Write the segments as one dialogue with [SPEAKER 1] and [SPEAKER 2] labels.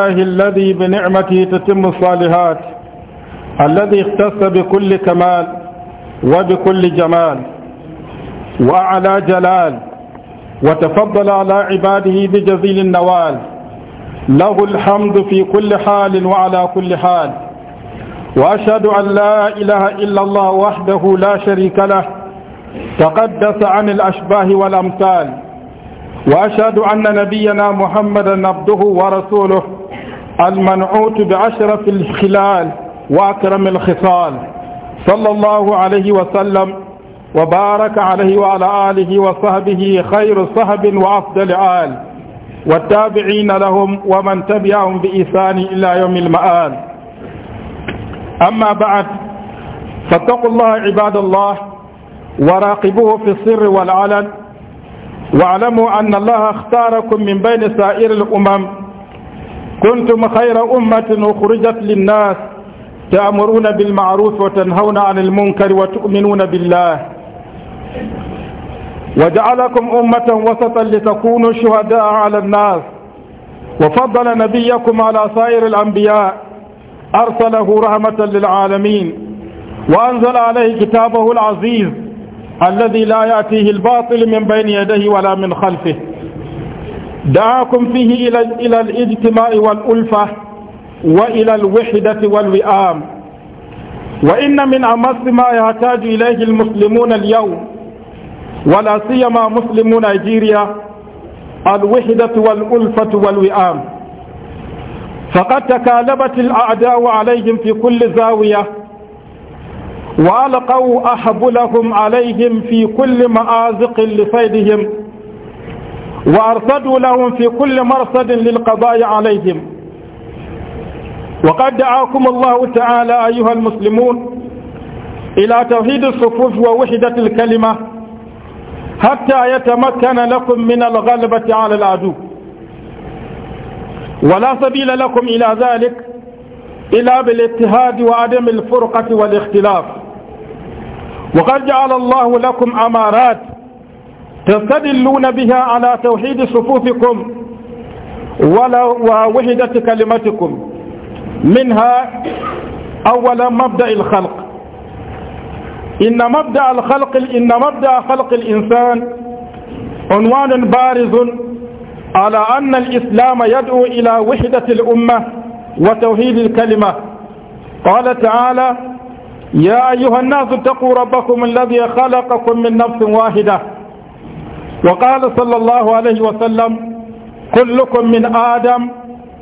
[SPEAKER 1] الله الذي بنعمته تتم الصالحات الذي اختص بكل كمال وبكل جمال وعلى جلال وتفضل على عباده بجزيل النوال له الحمد في كل حال وعلى كل حال وأشهد أن لا إله إلا الله وحده لا شريك له تقدس عن الأشباه والأمثال وأشهد أن نبينا محمدا عبده ورسوله المنعوت بأشرف الخلال وأكرم الخصال صلى الله عليه وسلم وبارك عليه وعلى آله وصحبه خير صحب وأفضل آل والتابعين لهم ومن تبعهم بإحسان إلى يوم المآل أما بعد فاتقوا الله عباد الله وراقبوه في السر والعلن واعلموا أن الله اختاركم من بين سائر الأمم كنتم خير أمة أخرجت للناس تأمرون بالمعروف وتنهون عن المنكر وتؤمنون بالله وجعلكم أمة وسطا لتكونوا شهداء على الناس وفضل نبيكم على سائر الأنبياء أرسله رحمة للعالمين وأنزل عليه كتابه العزيز الذي لا يأتيه الباطل من بين يديه ولا من خلفه دعاكم فيه إلى إلى الاجتماع والألفة وإلى الوحدة والوئام وإن من أمس ما يحتاج إليه المسلمون اليوم ولا سيما مسلمو نيجيريا الوحدة والألفة والوئام فقد تكالبت الأعداء عليهم في كل زاوية وألقوا أحبلهم عليهم في كل مآزق لصيدهم وأرصدوا لهم في كل مرصد للقضاء عليهم وقد دعاكم الله تعالى أيها المسلمون إلى توحيد الصفوف ووحدة الكلمة حتى يتمكن لكم من الغلبة على العدو ولا سبيل لكم إلى ذلك إلا بالاتحاد وعدم الفرقة والاختلاف وقد جعل الله لكم أمارات تستدلون بها على توحيد صفوفكم ووحدة كلمتكم منها أولا مبدأ الخلق إن مبدأ الخلق إن مبدأ خلق الإنسان عنوان بارز على أن الإسلام يدعو إلى وحدة الأمة وتوحيد الكلمة قال تعالى يا أيها الناس اتقوا ربكم الذي خلقكم من نفس واحدة وقال صلى الله عليه وسلم كلكم من آدم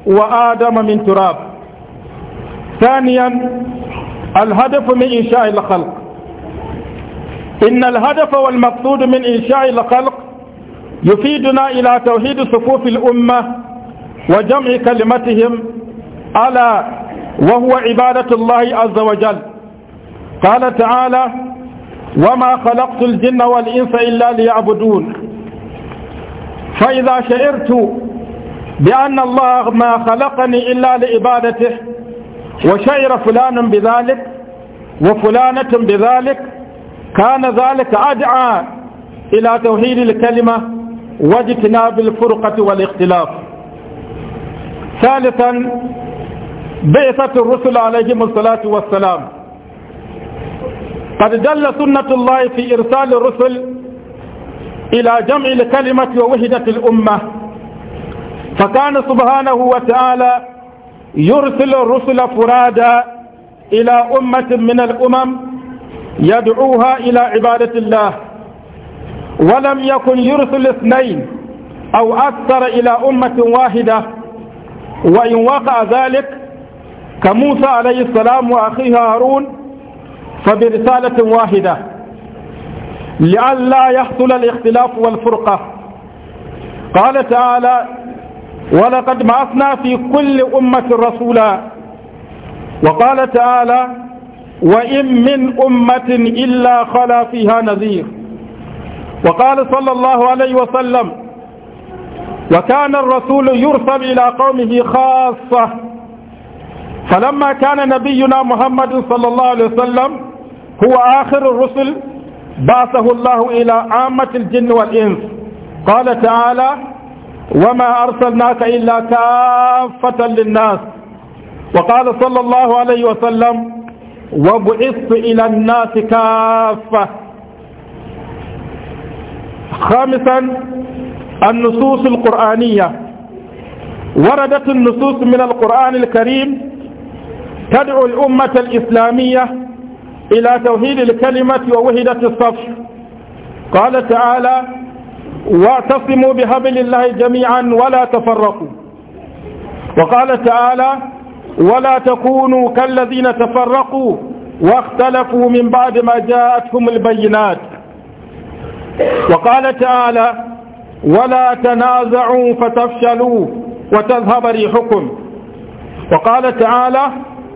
[SPEAKER 1] وآدم من تراب ثانيا الهدف من إنشاء الخلق إن الهدف والمقصود من إنشاء الخلق يفيدنا إلى توحيد صفوف الأمة وجمع كلمتهم ألا وهو عبادة الله عز وجل قال تعالى وما خلقت الجن والإنس إلا ليعبدون فإذا شعرت بأن الله ما خلقني إلا لعبادته وشعر فلان بذلك وفلانة بذلك كان ذلك أدعى إلى توحيد الكلمة واجتناب الفرقة والاختلاف ثالثا بعثة الرسل عليهم الصلاة والسلام قد دل سنة الله في إرسال الرسل إلى جمع الكلمة ووحدة الأمة فكان سبحانه وتعالى يرسل الرسل فرادا إلى أمة من الأمم يدعوها إلى عبادة الله ولم يكن يرسل اثنين أو أكثر إلى أمة واحدة وإن وقع ذلك كموسى عليه السلام وأخيه هارون فبرسالة واحدة لئلا يحصل الاختلاف والفرقة قال تعالى ولقد بعثنا في كل أمة رسولا وقال تعالى وإن من أمة إلا خلا فيها نذير وقال صلى الله عليه وسلم وكان الرسول يرسل إلى قومه خاصة فلما كان نبينا محمد صلى الله عليه وسلم هو آخر الرسل بعثه الله إلى عامة الجن والإنس قال تعالى وما أرسلناك إلا كافة للناس وقال صلى الله عليه وسلم وبعثت إلى الناس كافة خامسا النصوص القرآنية وردت النصوص من القرآن الكريم تدعو الأمة الإسلامية إلى توحيد الكلمة ووحدة الصف قال تعالى واعتصموا بحبل الله جميعا ولا تفرقوا وقال تعالى ولا تكونوا كالذين تفرقوا واختلفوا من بعد ما جاءتهم البينات وقال تعالى ولا تنازعوا فتفشلوا وتذهب ريحكم وقال تعالى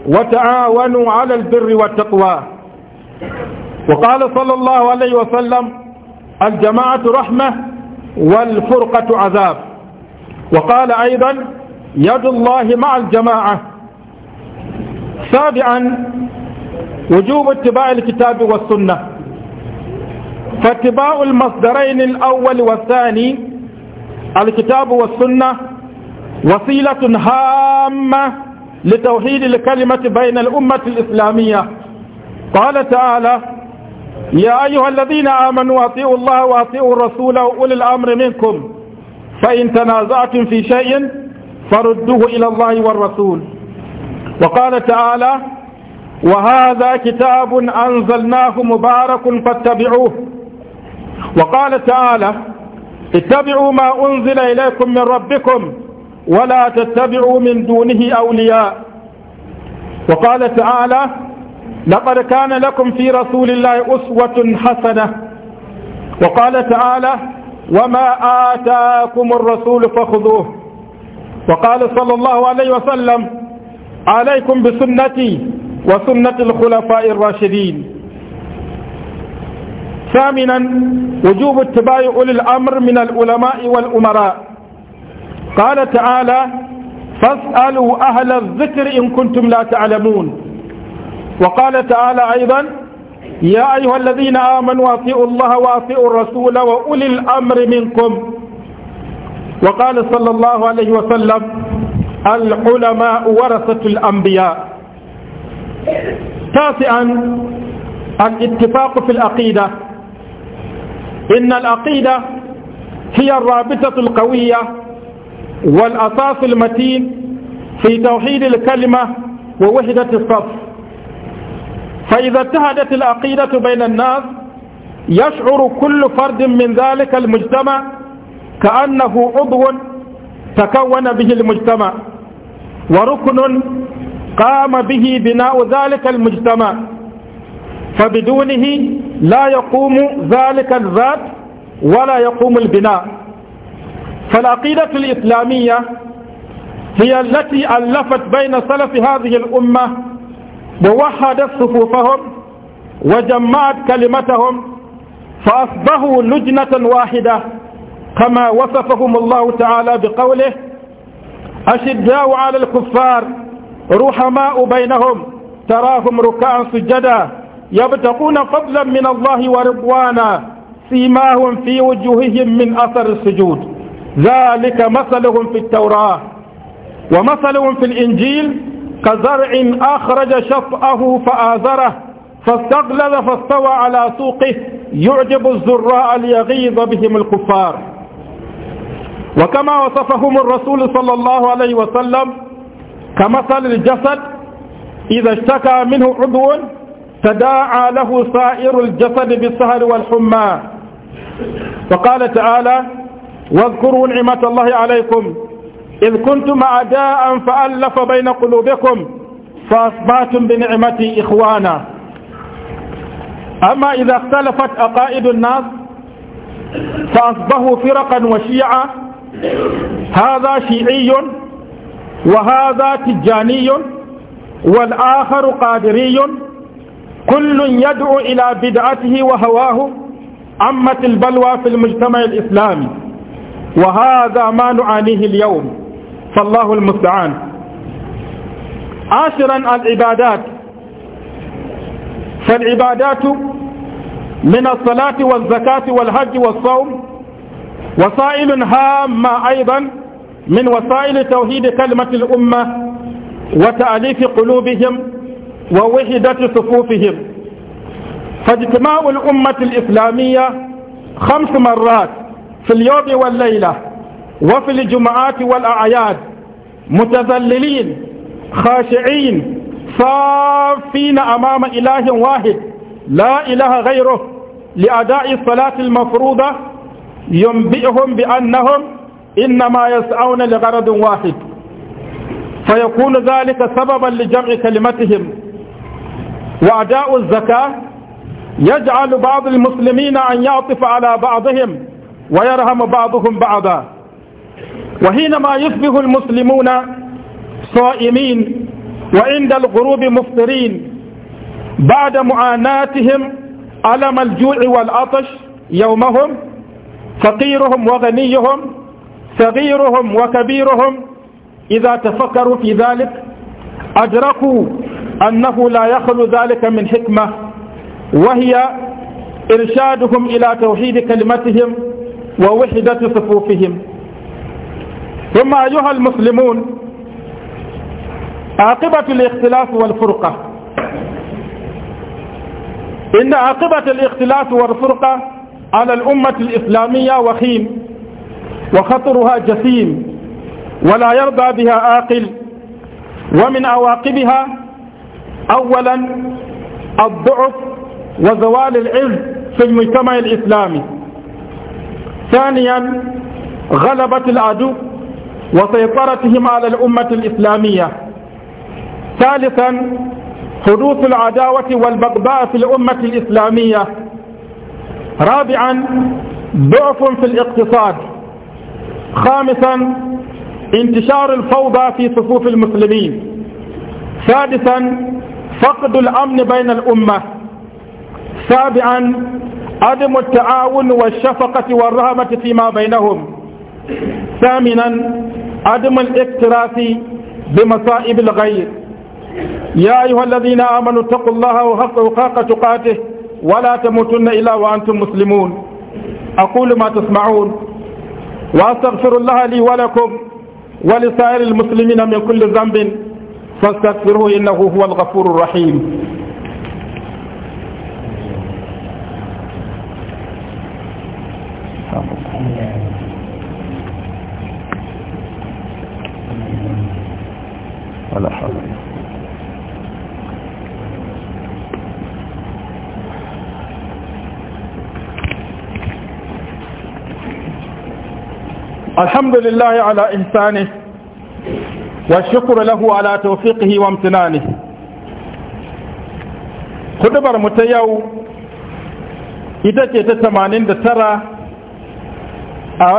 [SPEAKER 1] وتعاونوا على البر والتقوى وقال صلى الله عليه وسلم الجماعة رحمة والفرقة عذاب وقال أيضا يد الله مع الجماعة سابعا وجوب اتباع الكتاب والسنة فاتباع المصدرين الأول والثاني الكتاب والسنة وسيلة هامة لتوحيد الكلمة بين الأمة الإسلامية قال تعالى يا أيها الذين آمنوا أطيعوا الله وأطيعوا الرسول وأولي الأمر منكم فإن تنازعتم في شيء فردوه إلى الله والرسول وقال تعالى وهذا كتاب أنزلناه مبارك فاتبعوه وقال تعالى اتبعوا ما أنزل إليكم من ربكم ولا تتبعوا من دونه أولياء وقال تعالى لقد كان لكم في رسول الله أسوة حسنة وقال تعالى وما آتاكم الرسول فخذوه وقال صلى الله عليه وسلم عليكم بسنتي وسنة الخلفاء الراشدين ثامنا وجوب اتباع أولي الأمر من العلماء والأمراء قال تعالى فاسألوا أهل الذكر إن كنتم لا تعلمون وقال تعالى أيضا يا أيها الذين آمنوا أطيعوا الله وأطيعوا الرسول وأولي الأمر منكم وقال صلى الله عليه وسلم العلماء ورثة الأنبياء تاسعا الاتفاق في العقيدة إن العقيدة هي الرابطة القوية والأساس المتين في توحيد الكلمة ووحدة الصف فإذا اتهدت العقيدة بين الناس يشعر كل فرد من ذلك المجتمع كأنه عضو تكون به المجتمع وركن قام به بناء ذلك المجتمع فبدونه لا يقوم ذلك الذات ولا يقوم البناء فالعقيدة الإسلامية هي التي ألفت بين سلف هذه الأمة ووحدت صفوفهم وجمعت كلمتهم فأصبحوا لجنة واحدة كما وصفهم الله تعالى بقوله أشداء على الكفار رحماء بينهم تراهم ركعا سجدا يبتقون فضلا من الله ورضوانا سيماهم في وجوههم من أثر السجود ذلك مثلهم في التوراة ومثلهم في الإنجيل كزرع أخرج شطأه فآزره فاستغلل فاستوى على سوقه يعجب الزراء ليغيظ بهم الكفار وكما وصفهم الرسول صلى الله عليه وسلم كمثل الجسد إذا اشتكى منه عضو تداعى له سائر الجسد بالسهر والحمى وقال تعالى واذكروا نعمة الله عليكم إذ كنتم أعداء فألف بين قلوبكم فأصبحتم بنعمتي إخوانا أما إذا اختلفت عقائد الناس فأصبحوا فرقا وشيعا هذا شيعي وهذا تجاني والآخر قادري كل يدعو إلى بدعته وهواه عمت البلوى في المجتمع الإسلامي وهذا ما نعانيه اليوم فالله المستعان عاشرا العبادات فالعبادات من الصلاة والزكاة والحج والصوم وسائل هامة أيضا من وسائل توحيد كلمة الأمة وتأليف قلوبهم ووحدة صفوفهم فاجتماع الأمة الإسلامية خمس مرات في اليوم والليلة وفي الجمعات والأعياد متذللين خاشعين صافين أمام إله واحد لا إله غيره لأداء الصلاة المفروضة ينبئهم بأنهم إنما يسعون لغرض واحد فيكون ذلك سببا لجمع كلمتهم وأداء الزكاة يجعل بعض المسلمين أن يعطف على بعضهم ويرهم بعضهم بعضا وحينما يصبح المسلمون صائمين وعند الغروب مفطرين بعد معاناتهم ألم الجوع والعطش يومهم فقيرهم وغنيهم صغيرهم وكبيرهم إذا تفكروا في ذلك أدركوا أنه لا يخلو ذلك من حكمة وهي إرشادهم إلى توحيد كلمتهم ووحدة صفوفهم ثم أيها المسلمون عاقبة الاختلاف والفرقة إن عاقبة الاختلاف والفرقة على الأمة الإسلامية وخيم وخطرها جسيم ولا يرضى بها عاقل ومن عواقبها أولا الضعف وزوال العز في المجتمع الإسلامي ثانيا غلبة العدو وسيطرتهم على الأمة الإسلامية ثالثا حدوث العداوة والبغضاء في الأمة الإسلامية رابعا ضعف في الاقتصاد خامسا انتشار الفوضى في صفوف المسلمين سادسا فقد الأمن بين الأمة سابعا عدم التعاون والشفقة والرحمة فيما بينهم ثامنا عدم الاكتراث بمصائب الغير يا أيها الذين آمنوا اتقوا الله وحق تقاته ولا تموتن إلا وأنتم مسلمون أقول ما تسمعون وأستغفر الله لي ولكم ولسائر المسلمين من كل ذنب فاستغفروه إنه هو الغفور الرحيم على حاضر الحمد لله على إنسانه والشكر له على توفيقه وامتنانه خدبر متيو إذا كنت تمانين دترى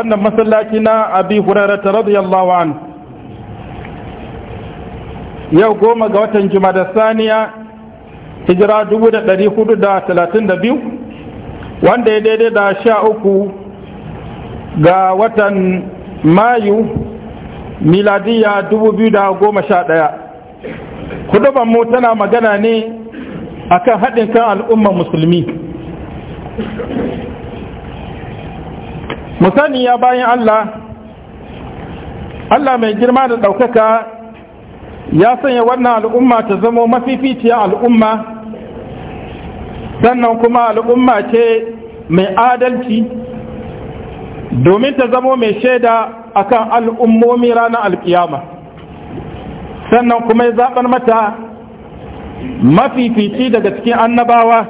[SPEAKER 1] أن مسلاكنا أبي هريرة رضي الله عنه yau goma ga watan jumada saniya hijira 432 wanda ya daidai da sha uku ga watan mayu miladiya 2011 kudubar mu tana magana ne akan haɗin kan al'umman musulmi ya bayan allah allah mai girma da ɗaukaka ya sanya wannan al'umma ta zamo mafificiyar al'umma sannan kuma al'umma ce mai adalci domin ta zamo mai shaida a kan al'ummomi ranar alkiyama sannan kuma ya zaɓar mata mafifici daga cikin annabawa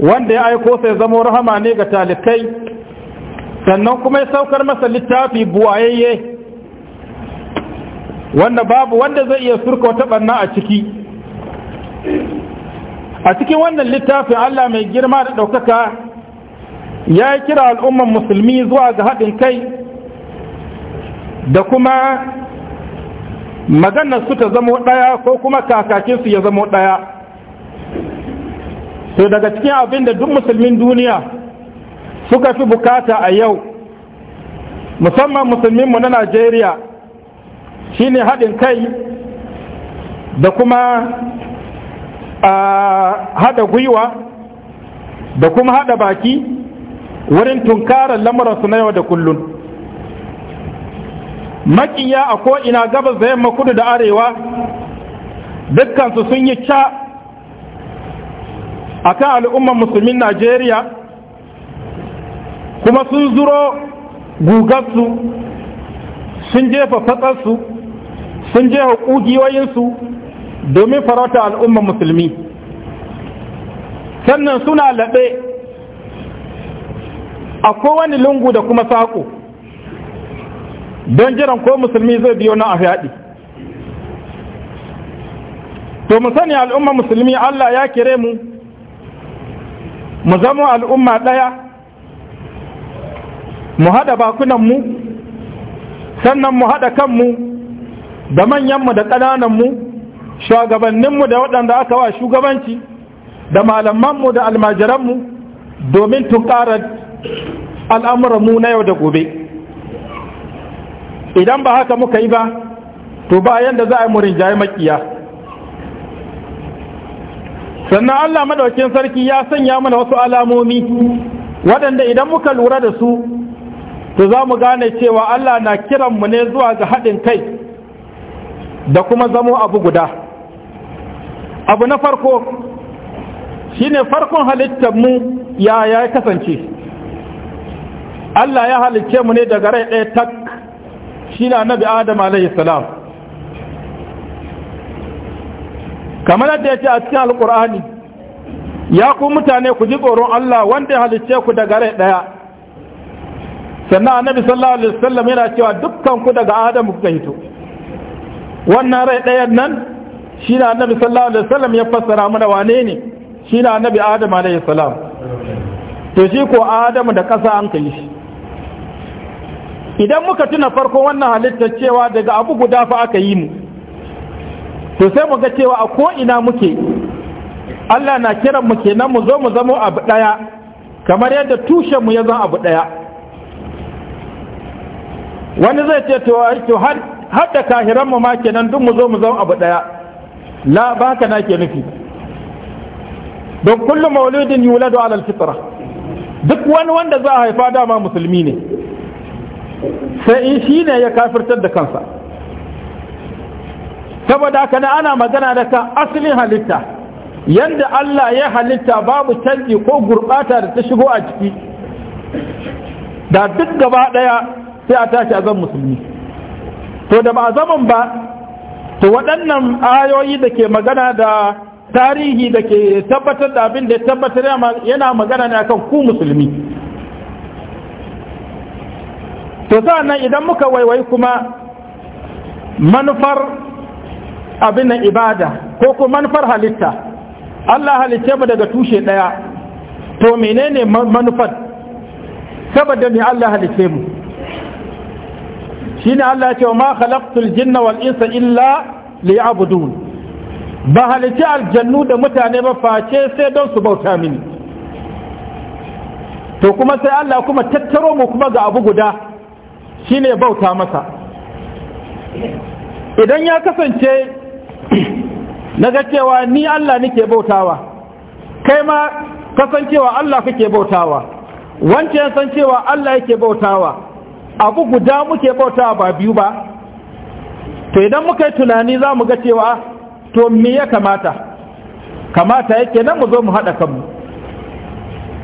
[SPEAKER 1] wanda ya aiko sai zamo rahama ne ga talikai sannan kuma ya saukar masa littafi buwayayye wanda babu wanda zai iya surka wata barna a ciki a cikin wannan littafin Allah mai girma da ɗaukaka ya yi kira al'umman musulmi zuwa ga haɗin kai da kuma maganar su ta zamo ɗaya ko kuma kakakinsu ya zamo ɗaya to daga cikin abin da duk musulmin duniya suka fi bukata a yau musamman musulminmu na najeriya shine haɗin kai da kuma haɗa gwiwa da kuma haɗa baki wurin tunkarar lamuransu na yau da kullum makiya a ko'ina gabas da yamma kudu da arewa dukkansu sun yi ca a kan al'umman musulmin najeriya kuma sun zuro gugarsu sun jefa fatsarsu sun je haƙugiyoyinsu domin farauta al'umma musulmi sannan suna laɓe a kowane lungu da kuma saƙo don jiran ko musulmi zai biyo na a to mu sani al'umman musulmi Allah ya kire mu mu zama al'umma ɗaya mu haɗa mu sannan mu haɗa kanmu da manyanmu da ƙanananmu shugabanninmu da waɗanda aka wa shugabanci da malamanmu da almajiranmu domin tunkarar al'amuranmu na yau da gobe idan ba haka muka yi ba to bayan da za a yi murin jaye makiya sannan allah madaukin sarki ya sanya mana wasu alamomi waɗanda idan muka lura da su to za mu gane cewa allah na kiranmu ne zuwa ga haɗin kai da kuma zamo abu guda abu na farko shine farkon halittar mu ya ya kasance Allah ya halicce mu ne daga rai ɗaya tak shi na nabi adam alaihi salam kamar yadda ya ce a cikin Alƙur'ani ya ku mutane ku ji tsoron Allah wanda ya halicce ku daga rai ɗaya sannan annabi sallallahu alaihi wasallam yana cewa dukkan ku daga adam kuka hito wannan rai ɗayan nan shi na annabi sallallahu alaihi wasallam ya fassara mana wane ne shi na annabi adam alaihi salam to shi ko adam da ƙasa an kai shi idan muka tuna farko wannan halittar cewa daga abu guda fa aka yi mu to sai mu ga cewa a ko ina muke Allah na kiran mu kenan mu zo mu zama abu ɗaya kamar yadda tushen mu ya zama abu ɗaya wani zai ce to har har da kahiran mu ma kenan duk mu zo mu zama abu daya la ba na ke nufi don kullu maulidin yuladu ala alfitra duk wani wanda za a haifa dama musulmi ne sai in shi ne ya kafirtar da kansa saboda haka ana magana da kan asalin halitta yanda Allah ya halitta babu canji ko gurbata da ta shigo a ciki da duk gaba daya sai a tashi a zan musulmi to da ba zaman ba to waɗannan ayoyi da ke magana da tarihi da ke tabbatar da abin da ya tabbatar yana magana ne akan ku musulmi to sa'annan idan muka waiwai kuma manufar abin ibada ko kuma manufar halitta Allah halicce mu daga tushe ɗaya to menene manufar saboda me Allah halicce mu ne Allah ya ce ma khalaqtul jinna wal insa illa liya'budun ba halitta aljannu da mutane ba face sai don su bauta mini to kuma sai Allah kuma tattaro mu kuma ga abu guda ne bauta masa idan ya kasance na ga cewa ni Allah nake bautawa kai ma kasancewa Allah kake bautawa wancan san cewa Allah yake bautawa abu guda muke bauta ba biyu ba to idan muka yi tunani za mu ga cewa to me ya kamata kamata yake nan mu zo mu haɗa kanmu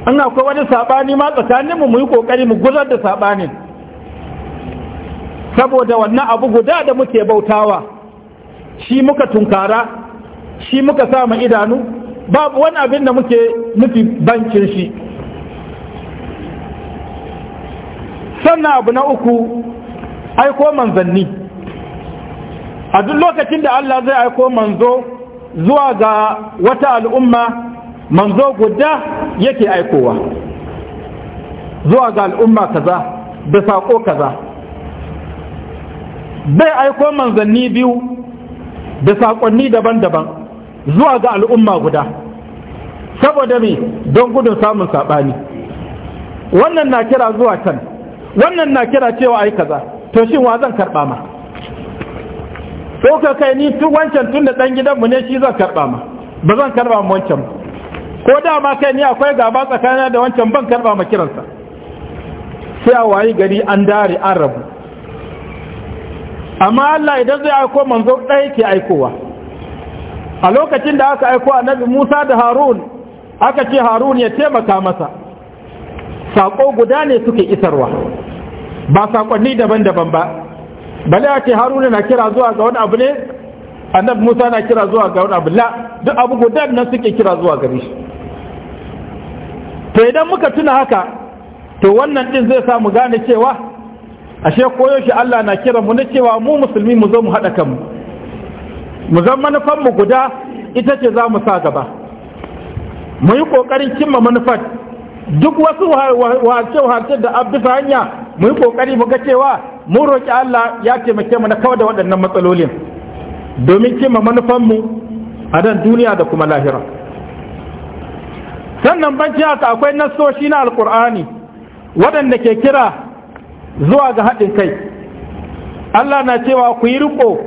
[SPEAKER 1] an akwai wani saɓani ma tsakaninmu mu yi ƙoƙari mu guzar da saɓanin saboda wannan abu guda da muke bautawa shi muka tunkara shi muka sa idanu babu wani abin da muke nufi bankin shi sannan abu na uku aiko manzanni a duk lokacin da Allah zai aiko manzo zuwa ga wata al'umma manzo guda yake aikowa zuwa ga al'umma kaza da saƙo kaza bai aiko manzanni biyu da saƙonni daban-daban zuwa ga al'umma guda saboda me don gudun samun saɓani wannan na kira zuwa can wannan na kira cewa ai kaza to shin wa zan karba ma ko ka kai ni tun wancan tun da dan gidan mu ne shi zan karba ma ba zan karba ma wancan ko da ma kai ni akwai gaba tsakanina da wancan ban karba ma kiransa sai a wayi gari an dare an rabu amma Allah idan zai aiko manzo ɗaya ke aikowa a lokacin da aka aiko annabi Musa da Harun aka ce Harun ya taimaka masa saƙo guda ne suke isarwa ba saƙonni daban-daban ba bale a ce haruna na kira zuwa ga wani abu ne annabi musa na kira zuwa ga wani abu la duk abu guda nan suke kira zuwa gare to idan muka tuna haka to wannan din zai sa mu gane cewa ashe koyo Allah na kira mu na cewa mu musulmi mu zo mu haɗa kanmu mu zan manufan mu guda ita ce za mu sa gaba mu yi ƙoƙarin cimma manufar duk wasu wace-wace da abdufa hanya mu yi kokari mu ga cewa mun roƙi Allah ya taimake mu na kawar da waɗannan matsalolin domin cimma mu a nan duniya da kuma lahira sannan banci haka akwai nasoshi na alkur'ani waɗanda ke kira zuwa ga haɗin kai Allah na cewa ku yi riko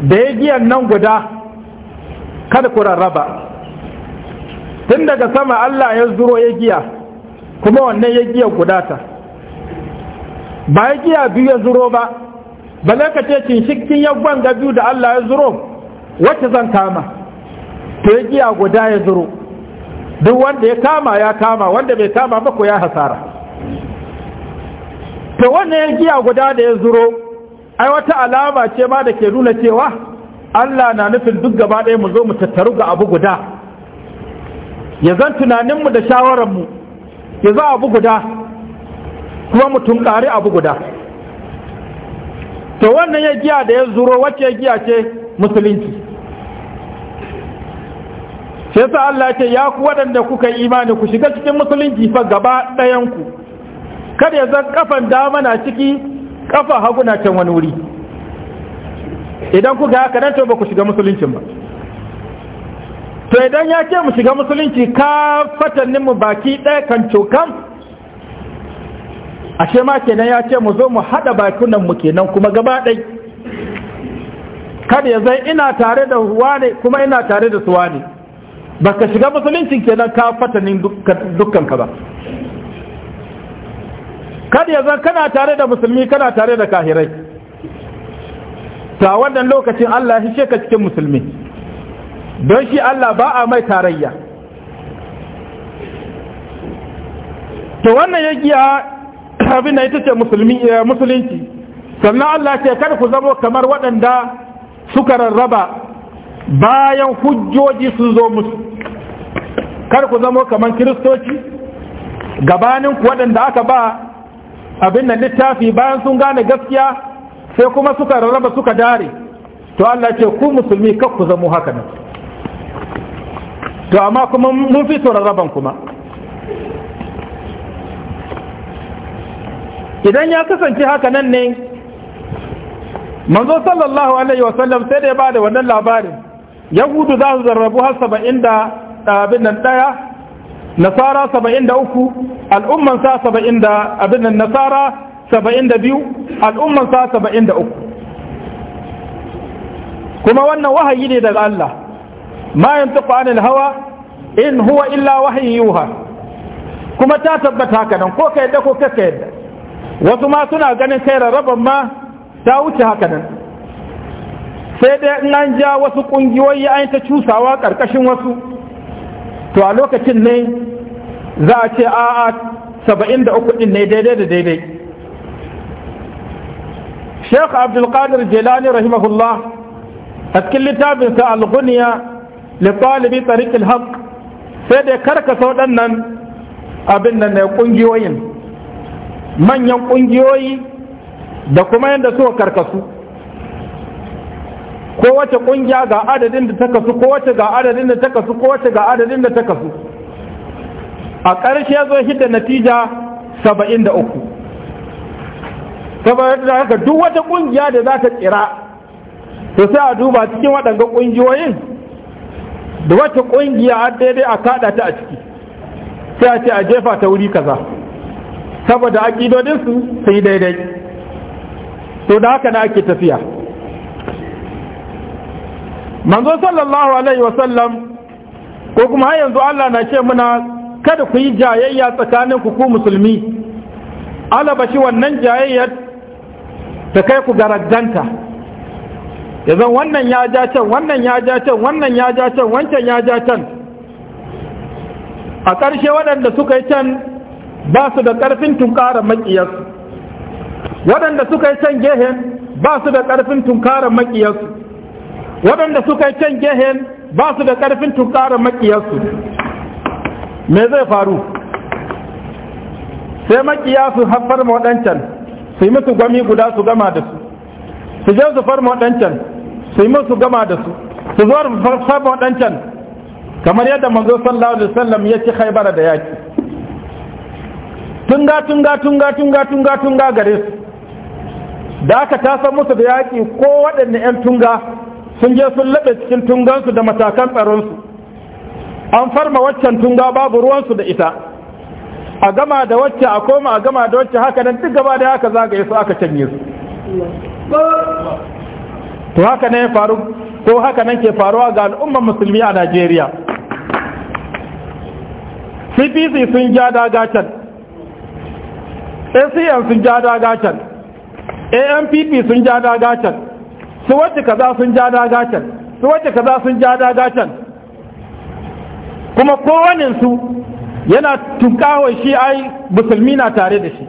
[SPEAKER 1] da ya giyan nan guda kada ku rarraba tun daga sama Allah ya zuro ya giya kuma wannan ya giya gudata ba ya giya biyu ya zuro ba ba ka lokacin cinshikin ya gwanga biyu da Allah ya zuro wacce zan kama to ya giya guda ya zuro duk wanda ya kama ya kama wanda bai kama ba ko ya hasara to wannan ya giya guda da ya zuro ai wata alama ce ma da ke nuna cewa Allah na nufin duk gaba ɗaya mu zo mu tattaru ga abu guda ya zan tunaninmu da shawararmu ya za abu guda kuma mu tunkari abu guda to wannan ya giya da ya zuro wacce ya giya ce musulunci sai sa Allah ce ya ku waɗanda kuka yi imani ku shiga cikin musulunci fa gaba ɗayanku kada ya zan kafan dama na ciki ƙafa haguna can wani wuri idan ku ga haka nan to ba ku shiga musuluncin ba to idan ya ce mu shiga musulunci ka fatanninmu baki ɗaya kan cokan ashe ma kenan ya ce mu zo mu haɗa bakunanmu kenan kuma gaba ɗai kada ya zai ina tare da wane kuma ina tare da suwa ne ba ka shiga musulunci kenan ka fatanin ka ba kada ya zai kana tare da musulmi kana tare da kahirai ta wannan lokacin Allah ya shi ka cikin musulmi don shi Allah ba a mai tarayya to wannan ya giya abin da ita ce eh, musulunci sannan Allah ce kada ku zamo kamar waɗanda suka rarraba bayan hujjoji sun zo musu kada ku zamo kamar kiristoci gabanin ku waɗanda aka ba abin da littafi bayan sun gane gaskiya sai kuma suka rarraba suka dare to Allah ce ku musulmi kar ku zamo haka nan to amma kuma mun fi tsoron rabon kuma idan ya kasance haka nan ne manzo sallallahu alaihi wasallam sai da ya ba da wannan labarin yahudu za su zarrabu har saba'in da abin nan ɗaya nasara saba'in da uku al'umman sa saba'in da abin nan nasara saba'in da biyu al'umman sa saba'in da uku kuma wannan wahayi ne daga Allah ma yantiqu anil hawa in huwa illa wahyi yuha kuma ta tabbata haka nan ko ka ko ka yadda wasu ma suna ganin kai rarraban ma ta wuce haka nan sai dai in an ja wasu kungiyoyi an ta cusawa karkashin wasu to a lokacin ne za a ce a'a saba'in da uku din ne daidai da daidai sheikh abdulkadir jelani rahimahullah a cikin littafinsa al-ghuniya li talibi tariqil haqq sai da karkasa nan abin nan ne kungiyoyin manyan kungiyoyi da kuma yadda suka karkasu wace kungiya ga adadin da ta kasu wace ga adadin da ta kasu wace ga adadin da ta kasu a ƙarshe zo shi da natija saba'in da uku saboda haka duk wata kungiya da za ta tsira to sai a duba cikin waɗanga kungiyoyin da wata ƙungiya a daidai a kaɗa ta a ciki sai a ce a jefa ta wuri kaza saboda aƙidodinsu su yi daidai to da haka na ake tafiya manzo sallallahu alaihi wasallam ko kuma har yanzu Allah na ce muna kada ku yi jayayya tsakanin ku ku musulmi alabashi wannan jayayyar ta kai ku garaganta ya zan wannan ya ja can wannan ya ja can wannan ya ja can wancan ya ja can a ƙarshe waɗanda suka yi can ba su da ƙarfin tunkara maƙiyarsu waɗanda suka yi can gehen ba su da ƙarfin tunkara maƙiyarsu waɗanda suka yi can gehen ba su da ƙarfin tunkara maƙiyarsu me zai faru sai maƙiya su haifar waɗancan su yi musu gwami guda su gama da su su je su farma waɗancan su yi musu gama da su su zo farfa waɗancan kamar yadda manzo sallallahu alaihi wasallam ya ci haibara da yaki tunga tunga tunga tunga tunga tunga gare su da aka tasa musu da yaki ko waɗanne 'yan tunga sun je sun laɓe cikin tungansu da matakan tsaronsu an farma waccan tunga babu ruwansu da ita a gama da wacce a koma a gama da wacce haka nan duk gaba da haka zagaye su aka canye su to haka ne faru ko haka nan ke faruwa ga al'ummar musulmi a Najeriya CPC sun ja daga can ACN sun ja daga can ANPP sun ja daga can su wacce kaza sun ja daga can su wacce kaza sun ja daga can kuma kowanin su yana tunkawa shi ai musulmi na tare da shi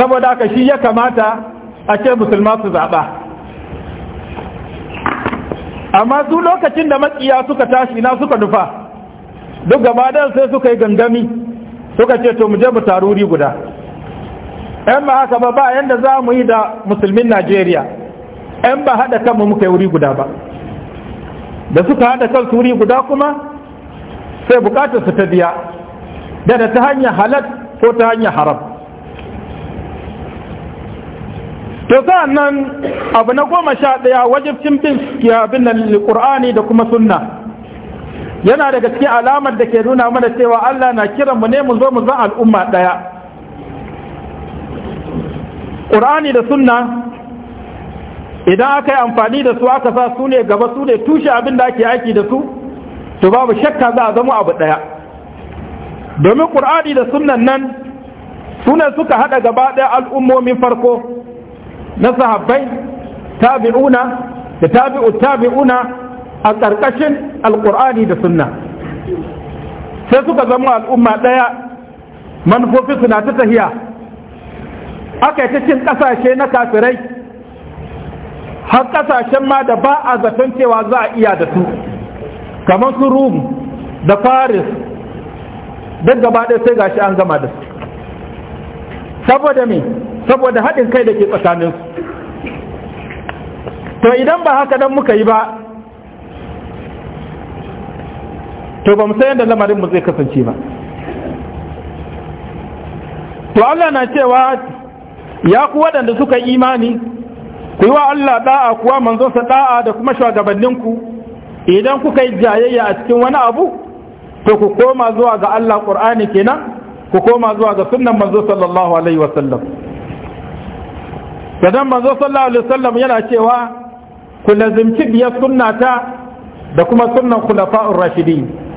[SPEAKER 1] saboda ka shi ya kamata a ce musulma su zaɓa amma su lokacin da makiya suka tashi na suka nufa duk gaba da sai suka yi gangami suka ce to mu je mu taruri guda ‘yan ba haka ba ba yadda za mu yi da musulmin najeriya ‘yan ba haɗa kanmu muka yi wuri guda ba da suka haɗa kansu wuri guda kuma sai bukatar su ta biya da ta hanyar halal ko ta hanyar haram to sa'an nan abu na goma sha ɗaya wajibcin bin abin nan ƙur'ani da kuma sunna yana daga cikin alamar da ke nuna mana cewa Allah na mu ne mu zo mu zan al'umma ɗaya ƙur'ani da sunna idan aka yi amfani da su aka sa su ne gaba su ne tushe abin da ake aiki da su to babu shakka za a zama abu ɗaya domin ƙur'ani da sunnan nan sunan suka haɗa gaba ɗaya al'ummomin farko na sahabbai tabi'una da tabi'u tabi'una a ƙarƙashin alƙur'ani da sunna sai suka zama al'umma ɗaya manufofi suna ta tahiya aka yi ta cin ƙasashe na kafirai har ƙasashen ma da ba a zaton cewa za a iya da su kamar su rum da paris duk gaba ɗaya sai gashi an gama da su saboda me saboda haɗin kai da ke tsakaninsu to idan ba haka dan muka yi ba to ba mu san yadda lamarin mu zai kasance ba to Allah na cewa ya ku waɗanda suka imani ku yi wa Allah ɗa'a kuwa sa da'a da kuma shugabanninku idan kuka yi jayayya a cikin wani abu to ku koma zuwa ga Allah Qur'ani kenan ku koma zuwa ga sunnan manzo sallallahu alaihi wasallam da manzo sallallahu alaihi wasallam yana cewa ku lazimci biyar sunnata da kuma sunnan khulafa'ur rashidin